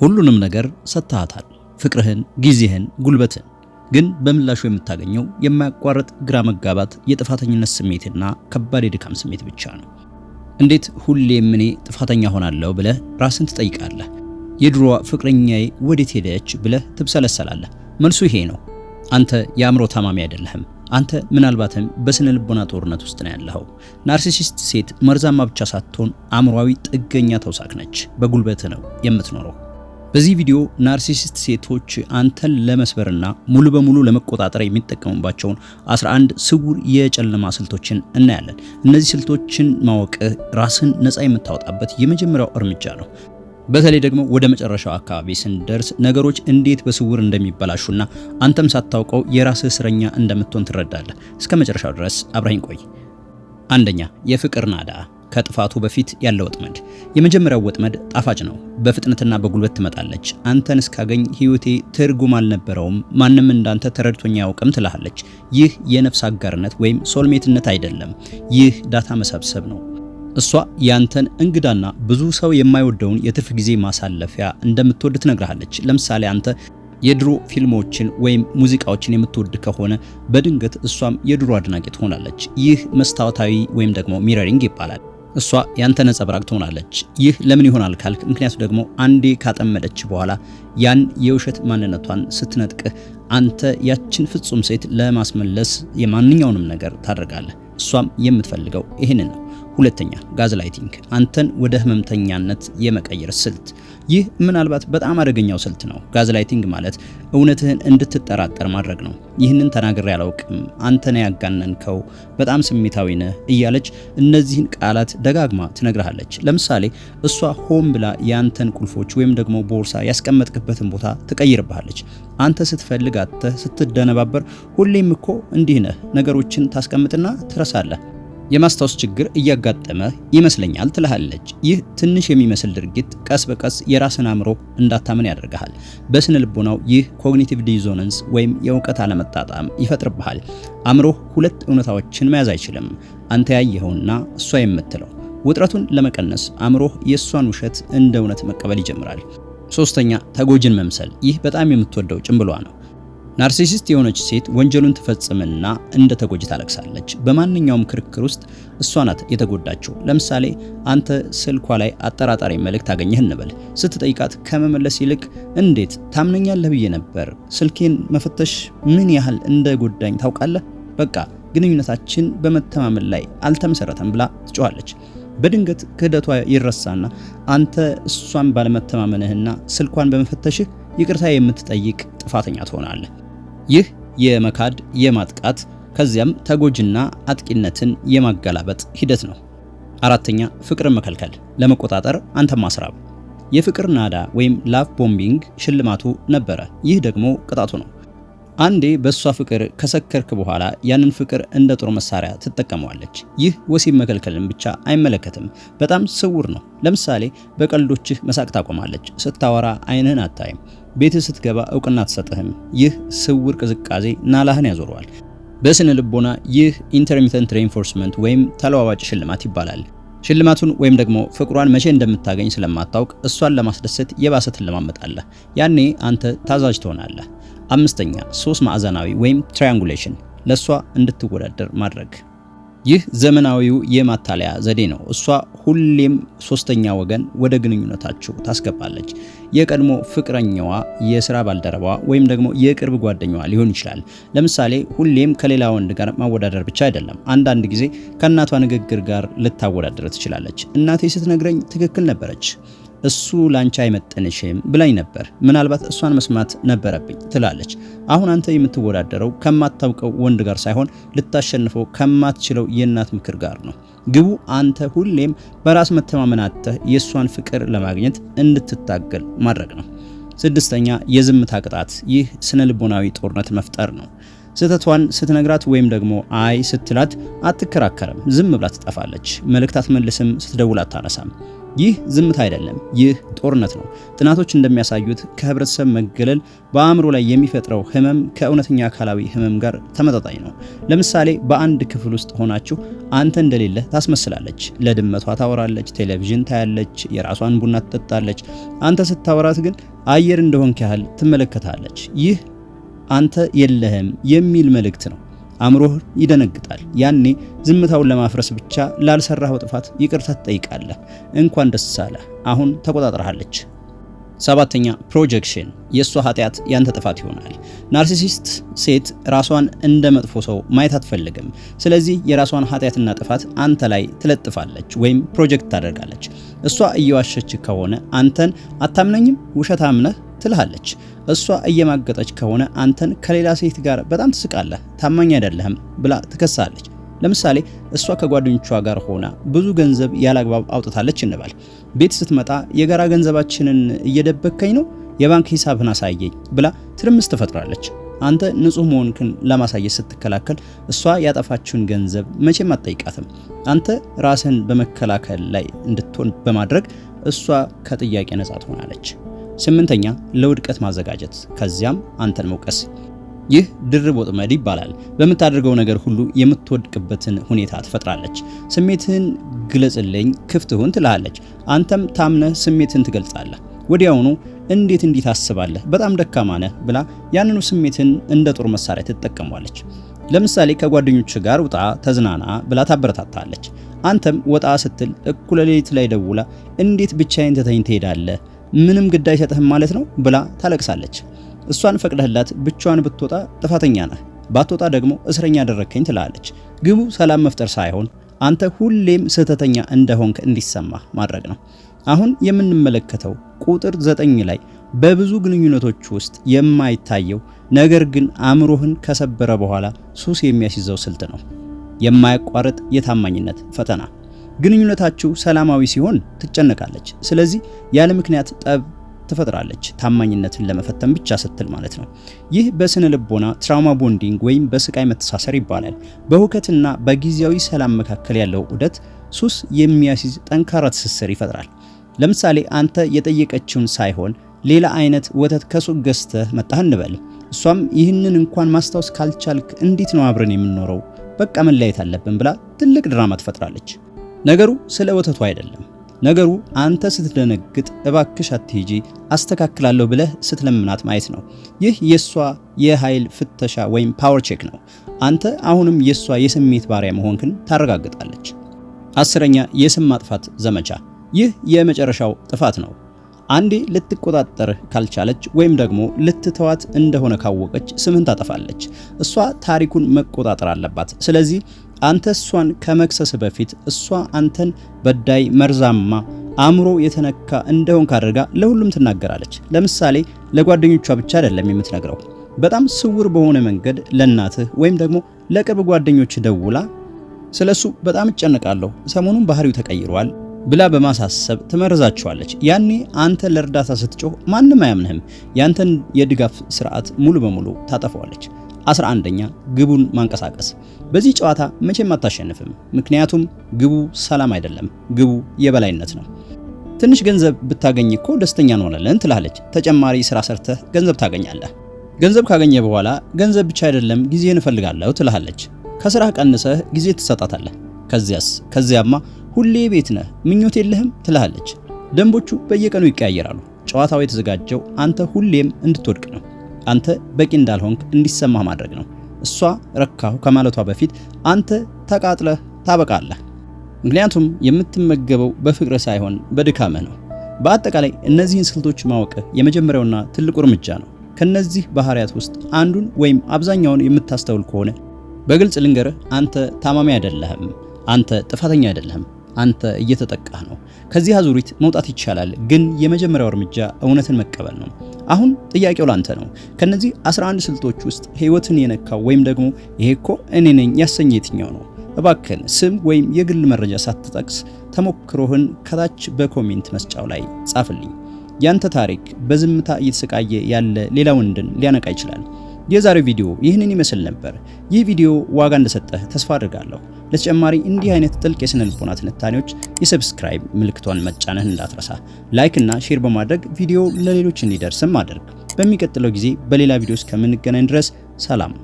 ሁሉንም ነገር ሰጥተሃታል፣ ፍቅርህን፣ ጊዜህን፣ ጉልበትህን። ግን በምላሹ የምታገኘው የማያቋርጥ ግራ መጋባት፣ የጥፋተኝነት ስሜትና ከባድ የድካም ስሜት ብቻ ነው። እንዴት ሁሌም እኔ ጥፋተኛ ሆናለሁ ብለህ ራስን ትጠይቃለህ። የድሮዋ ፍቅረኛዬ ወዴት ሄደች ብለህ ትብሰለሰላለህ። መልሱ ይሄ ነው። አንተ የአእምሮ ታማሚ አይደለህም። አንተ ምናልባትም በስነ ልቦና ጦርነት ውስጥ ነው ያለኸው። ናርሲሲስት ሴት መርዛማ ብቻ ሳትሆን አእምሯዊ ጥገኛ ተውሳክ ነች። በጉልበት ነው የምትኖረው። በዚህ ቪዲዮ ናርሲሲስት ሴቶች አንተን ለመስበርና ሙሉ በሙሉ ለመቆጣጠር የሚጠቀሙባቸውን 11 ስውር የጨለማ ስልቶችን እናያለን። እነዚህ ስልቶችን ማወቅ ራስን ነፃ የምታወጣበት የመጀመሪያው እርምጃ ነው። በተለይ ደግሞ ወደ መጨረሻው አካባቢ ስንደርስ ነገሮች እንዴት በስውር እንደሚበላሹና አንተም ሳታውቀው የራስህ እስረኛ እንደምትሆን ትረዳለህ። እስከ መጨረሻው ድረስ አብረኝ ቆይ። አንደኛ የፍቅር ናዳ ከጥፋቱ በፊት ያለ ወጥመድ። የመጀመሪያው ወጥመድ ጣፋጭ ነው። በፍጥነትና በጉልበት ትመጣለች። አንተን እስካገኝ ህይወቴ ትርጉም አልነበረውም፣ ማንም እንዳንተ ተረድቶኛ ያውቅም ትላለች ይህ የነፍስ አጋርነት ወይም ሶልሜትነት አይደለም። ይህ ዳታ መሰብሰብ ነው። እሷ ያንተን እንግዳና ብዙ ሰው የማይወደውን የትርፍ ጊዜ ማሳለፊያ እንደምትወድ ትነግርሃለች። ለምሳሌ አንተ የድሮ ፊልሞችን ወይም ሙዚቃዎችን የምትወድ ከሆነ በድንገት እሷም የድሮ አድናቂ ትሆናለች። ይህ መስታወታዊ ወይም ደግሞ ሚረሪንግ ይባላል። እሷ ያንተ ነጸብራቅ ትሆናለች። ይህ ለምን ይሆናል ካልክ፣ ምክንያቱ ደግሞ አንዴ ካጠመደች በኋላ ያን የውሸት ማንነቷን ስትነጥቅህ አንተ ያችን ፍጹም ሴት ለማስመለስ የማንኛውንም ነገር ታደርጋለህ። እሷም የምትፈልገው ይህንን ነው። ሁለተኛ ጋዝላይቲንግ አንተን ወደ ህመምተኛነት የመቀየር ስልት ይህ ምናልባት በጣም አደገኛው ስልት ነው። ጋዝ ላይቲንግ ማለት እውነትህን እንድትጠራጠር ማድረግ ነው። ይህንን ተናግሬ አላውቅም፣ አንተን ያጋነንከው፣ በጣም ስሜታዊ ነህ እያለች እነዚህን ቃላት ደጋግማ ትነግርሃለች። ለምሳሌ እሷ ሆን ብላ ያንተን ቁልፎች ወይም ደግሞ ቦርሳ ያስቀመጥክበትን ቦታ ትቀይርብሃለች። አንተ ስትፈልግ አጥተህ ስትደነባበር፣ ሁሌም እኮ እንዲህ ነህ፣ ነገሮችን ታስቀምጥና ትረሳለህ። የማስታወስ ችግር እያጋጠመ ይመስለኛል ትልሃለች። ይህ ትንሽ የሚመስል ድርጊት ቀስ በቀስ የራስን አእምሮ እንዳታምን ያደርግሃል። በስነ ልቦናው ይህ ኮግኒቲቭ ዲዞናንስ ወይም የእውቀት አለመጣጣም ይፈጥርብሃል። አእምሮህ ሁለት እውነታዎችን መያዝ አይችልም፣ አንተ ያየኸውና እሷ የምትለው። ውጥረቱን ለመቀነስ አእምሮህ የእሷን ውሸት እንደ እውነት መቀበል ይጀምራል። ሶስተኛ ተጎጂን መምሰል። ይህ በጣም የምትወደው ጭንብሏ ነው። ናርሲሲስት የሆነች ሴት ወንጀሉን ትፈጽምና እንደ ተጎጂ ታለቅሳለች። በማንኛውም ክርክር ውስጥ እሷ ናት የተጎዳችው። ለምሳሌ አንተ ስልኳ ላይ አጠራጣሪ መልእክት አገኘህ እንበል። ስትጠይቃት ከመመለስ ይልቅ እንዴት ታምነኛለህ ብዬ ነበር፣ ስልኬን መፈተሽ ምን ያህል እንደ ጎዳኝ ታውቃለህ፣ በቃ ግንኙነታችን በመተማመን ላይ አልተመሰረተም ብላ ትጮኻለች። በድንገት ክህደቷ ይረሳና አንተ እሷን ባለመተማመንህና ስልኳን በመፈተሽህ ይቅርታ የምትጠይቅ ጥፋተኛ ትሆናለህ። ይህ የመካድ የማጥቃት ከዚያም ተጎጂና አጥቂነትን የማገላበጥ ሂደት ነው። አራተኛ ፍቅርን መከልከል፣ ለመቆጣጠር አንተን ማስራብ። የፍቅር ናዳ ወይም ላቭ ቦምቢንግ ሽልማቱ ነበረ። ይህ ደግሞ ቅጣቱ ነው። አንዴ በእሷ ፍቅር ከሰከርክ በኋላ ያንን ፍቅር እንደ ጦር መሳሪያ ትጠቀመዋለች። ይህ ወሲብ መከልከልን ብቻ አይመለከትም፣ በጣም ስውር ነው። ለምሳሌ በቀልዶችህ መሳቅ ታቆማለች፣ ስታወራ አይንህን አታይም፣ ቤትህ ስትገባ እውቅና አትሰጥህም። ይህ ስውር ቅዝቃዜ ናላህን ያዞረዋል። በስነ ልቦና ይህ ኢንተርሚተንት ሬንፎርስመንት ወይም ተለዋዋጭ ሽልማት ይባላል። ሽልማቱን ወይም ደግሞ ፍቅሯን መቼ እንደምታገኝ ስለማታውቅ እሷን ለማስደሰት የባሰ ትለማመጣለህ። ያኔ አንተ ታዛዥ ትሆናለህ። አምስተኛ ሶስት ማዕዘናዊ ወይም ትራያንጉሌሽን ለእሷ እንድትወዳደር ማድረግ። ይህ ዘመናዊው የማታለያ ዘዴ ነው። እሷ ሁሌም ሶስተኛ ወገን ወደ ግንኙነታችሁ ታስገባለች። የቀድሞ ፍቅረኛዋ፣ የስራ ባልደረባዋ ወይም ደግሞ የቅርብ ጓደኛዋ ሊሆን ይችላል። ለምሳሌ ሁሌም ከሌላ ወንድ ጋር ማወዳደር ብቻ አይደለም፣ አንዳንድ ጊዜ ከእናቷ ንግግር ጋር ልታወዳደር ትችላለች። እናቴ ስትነግረኝ ትክክል ነበረች እሱ ላንቺ አይመጥንሽም ብላኝ ነበር። ምናልባት እሷን መስማት ነበረብኝ ትላለች። አሁን አንተ የምትወዳደረው ከማታውቀው ወንድ ጋር ሳይሆን ልታሸንፈው ከማትችለው የእናት ምክር ጋር ነው። ግቡ አንተ ሁሌም በራስ መተማመን አጥተህ የእሷን ፍቅር ለማግኘት እንድትታገል ማድረግ ነው። ስድስተኛ የዝምታ ቅጣት። ይህ ስነ ልቦናዊ ጦርነት መፍጠር ነው። ስህተቷን ስትነግራት ወይም ደግሞ አይ ስትላት አትከራከርም፣ ዝም ብላ ትጠፋለች። መልእክት አትመልስም፣ ስትደውል አታነሳም። ይህ ዝምታ አይደለም፣ ይህ ጦርነት ነው። ጥናቶች እንደሚያሳዩት ከህብረተሰብ መገለል በአእምሮ ላይ የሚፈጥረው ህመም ከእውነተኛ አካላዊ ህመም ጋር ተመጣጣኝ ነው። ለምሳሌ በአንድ ክፍል ውስጥ ሆናችሁ አንተ እንደሌለ ታስመስላለች። ለድመቷ ታወራለች፣ ቴሌቪዥን ታያለች፣ የራሷን ቡና ትጠጣለች። አንተ ስታወራት ግን አየር እንደሆንክ ያህል ትመለከታለች። ይህ አንተ የለህም የሚል መልእክት ነው። አእምሮህ ይደነግጣል። ያኔ ዝምታውን ለማፍረስ ብቻ ላልሰራኸው ጥፋት ይቅርታ ትጠይቃለህ። እንኳን ደስ አለህ፣ አሁን ተቆጣጥረሃለች። ሰባተኛ ፕሮጀክሽን፣ የእሷ ኃጢአት ያንተ ጥፋት ይሆናል። ናርሲሲስት ሴት ራሷን እንደ መጥፎ ሰው ማየት አትፈልግም። ስለዚህ የራሷን ኃጢአትና ጥፋት አንተ ላይ ትለጥፋለች ወይም ፕሮጀክት ታደርጋለች። እሷ እየዋሸች ከሆነ አንተን አታምነኝም፣ ውሸት አምነህ ትልሃለች። እሷ እየማገጠች ከሆነ አንተን ከሌላ ሴት ጋር በጣም ትስቃለህ፣ ታማኝ አይደለህም ብላ ትከሳለች። ለምሳሌ እሷ ከጓደኞቿ ጋር ሆና ብዙ ገንዘብ ያላግባብ አውጥታለች እንበል። ቤት ስትመጣ የጋራ ገንዘባችንን እየደበከኝ ነው፣ የባንክ ሂሳብህን አሳየኝ ብላ ትርምስ ትፈጥራለች። አንተ ንጹህ መሆንክን ለማሳየት ስትከላከል እሷ ያጠፋችውን ገንዘብ መቼም አትጠይቃትም። አንተ ራስህን በመከላከል ላይ እንድትሆን በማድረግ እሷ ከጥያቄ ነጻ ትሆናለች። ስምንተኛ ለውድቀት ማዘጋጀት ከዚያም አንተን መውቀስ ይህ ድርብ ወጥመድ ይባላል። በምታደርገው ነገር ሁሉ የምትወድቅበትን ሁኔታ ትፈጥራለች። ስሜትህን ግለጽልኝ፣ ክፍት ሁን ትልሃለች። አንተም ታምነህ ስሜትህን ትገልጻለህ። ወዲያውኑ እንዴት እንዲህ ታስባለህ? በጣም ደካማ ነህ ብላ ያንኑ ስሜትን እንደ ጦር መሳሪያ ትጠቀሟለች። ለምሳሌ ከጓደኞች ጋር ውጣ፣ ተዝናና ብላ ታበረታታለች። አንተም ወጣ ስትል እኩለ ሌሊት ላይ ደውላ እንዴት ብቻዬን ትተኸኝ ትሄዳለህ? ምንም ግድ አይሰጥህም ማለት ነው ብላ ታለቅሳለች። እሷን ፈቅደህላት ብቻዋን ብትወጣ ጥፋተኛ ነህ፣ ባትወጣ ደግሞ እስረኛ አደረግከኝ ትላለች። ግቡ ሰላም መፍጠር ሳይሆን አንተ ሁሌም ስህተተኛ እንደሆንክ እንዲሰማ ማድረግ ነው። አሁን የምንመለከተው ቁጥር ዘጠኝ ላይ በብዙ ግንኙነቶች ውስጥ የማይታየው ነገር ግን አእምሮህን ከሰበረ በኋላ ሱስ የሚያስይዘው ስልት ነው፣ የማያቋርጥ የታማኝነት ፈተና። ግንኙነታችሁ ሰላማዊ ሲሆን ትጨነቃለች። ስለዚህ ያለ ምክንያት ጠብ ትፈጥራለች። ታማኝነትን ለመፈተን ብቻ ስትል ማለት ነው። ይህ በስነ ልቦና ትራውማ ቦንዲንግ ወይም በስቃይ መተሳሰር ይባላል። በሁከትና በጊዜያዊ ሰላም መካከል ያለው ዑደት ሱስ የሚያስይዝ ጠንካራ ትስስር ይፈጥራል። ለምሳሌ አንተ የጠየቀችውን ሳይሆን ሌላ አይነት ወተት ከሱቅ ገዝተህ መጣህ እንበል። እሷም ይህንን እንኳን ማስታወስ ካልቻልክ እንዴት ነው አብረን የምንኖረው? በቃ መለያየት አለብን ብላ ትልቅ ድራማ ትፈጥራለች። ነገሩ ስለ ወተቱ አይደለም። ነገሩ አንተ ስትደነግጥ እባክሽ አትሂጂ አስተካክላለሁ ብለህ ስትለምናት ማየት ነው። ይህ የሷ የኃይል ፍተሻ ወይም ፓወር ቼክ ነው። አንተ አሁንም የሷ የስሜት ባሪያ መሆንክን ታረጋግጣለች። አስረኛ የስም ማጥፋት ዘመቻ። ይህ የመጨረሻው ጥፋት ነው። አንዴ ልትቆጣጠርህ ካልቻለች ወይም ደግሞ ልትተዋት እንደሆነ ካወቀች ስምህን ታጠፋለች። እሷ ታሪኩን መቆጣጠር አለባት። ስለዚህ አንተ እሷን ከመክሰስ በፊት እሷ አንተን በዳይ መርዛማ አእምሮ የተነካ እንደሆን ካደርጋ ለሁሉም ትናገራለች። ለምሳሌ ለጓደኞቿ ብቻ አይደለም የምትነግረው፣ በጣም ስውር በሆነ መንገድ ለእናትህ ወይም ደግሞ ለቅርብ ጓደኞች ደውላ ስለሱ በጣም እጨነቃለሁ፣ ሰሞኑን ባህሪው ተቀይሯል ብላ በማሳሰብ ትመርዛቸዋለች። ያኔ አንተ ለእርዳታ ስትጮህ ማንም አያምንህም። ያንተን የድጋፍ ስርዓት ሙሉ በሙሉ ታጠፈዋለች። 11ኛ ግቡን ማንቀሳቀስ። በዚህ ጨዋታ መቼም አታሸንፍም፣ ምክንያቱም ግቡ ሰላም አይደለም፣ ግቡ የበላይነት ነው። ትንሽ ገንዘብ ብታገኝ እኮ ደስተኛ እንሆናለን ትላለች። ተጨማሪ ስራ ሰርተህ ገንዘብ ታገኛለህ። ገንዘብ ካገኘ በኋላ ገንዘብ ብቻ አይደለም ጊዜ እንፈልጋለሁ ትላለች። ከስራ ቀንሰህ ጊዜ ትሰጣታለህ። ከዚያስ ከዚያማ ሁሌ ቤት ነህ፣ ምኞት የለህም ትላለች። ደንቦቹ በየቀኑ ይቀያየራሉ። ጨዋታው የተዘጋጀው አንተ ሁሌም እንድትወድቅ ነው። አንተ በቂ እንዳልሆንክ እንዲሰማህ ማድረግ ነው። እሷ ረካሁ ከማለቷ በፊት አንተ ተቃጥለህ ታበቃለህ። ምክንያቱም የምትመገበው በፍቅር ሳይሆን በድካምህ ነው። በአጠቃላይ እነዚህን ስልቶች ማወቅ የመጀመሪያውና ትልቁ እርምጃ ነው። ከነዚህ ባህሪያት ውስጥ አንዱን ወይም አብዛኛውን የምታስተውል ከሆነ በግልጽ ልንገርህ፣ አንተ ታማሚ አይደለህም። አንተ ጥፋተኛ አይደለህም። አንተ እየተጠቃህ ነው። ከዚህ አዙሪት መውጣት ይቻላል፣ ግን የመጀመሪያው እርምጃ እውነትን መቀበል ነው። አሁን ጥያቄው ላንተ ነው። ከነዚህ 11 ስልቶች ውስጥ ህይወትን የነካው ወይም ደግሞ ይሄ እኮ እኔ ነኝ ያሰኘ የትኛው ነው? እባክን ስም ወይም የግል መረጃ ሳትጠቅስ ተሞክሮህን ከታች በኮሜንት መስጫው ላይ ጻፍልኝ። ያንተ ታሪክ በዝምታ እየተሰቃየ ያለ ሌላ ወንድን ሊያነቃ ይችላል። የዛሬው ቪዲዮ ይህንን ይመስል ነበር። ይህ ቪዲዮ ዋጋ እንደሰጠህ ተስፋ አድርጋለሁ። ለተጨማሪ እንዲህ አይነት ጥልቅ የስነ ልቦና ትንታኔዎች የሰብስክራይብ ምልክቷን መጫንህ እንዳትረሳ። ላይክ እና ሼር በማድረግ ቪዲዮ ለሌሎች እንዲደርስም አድርግ። በሚቀጥለው ጊዜ በሌላ ቪዲዮ እስከምንገናኝ ድረስ ሰላም።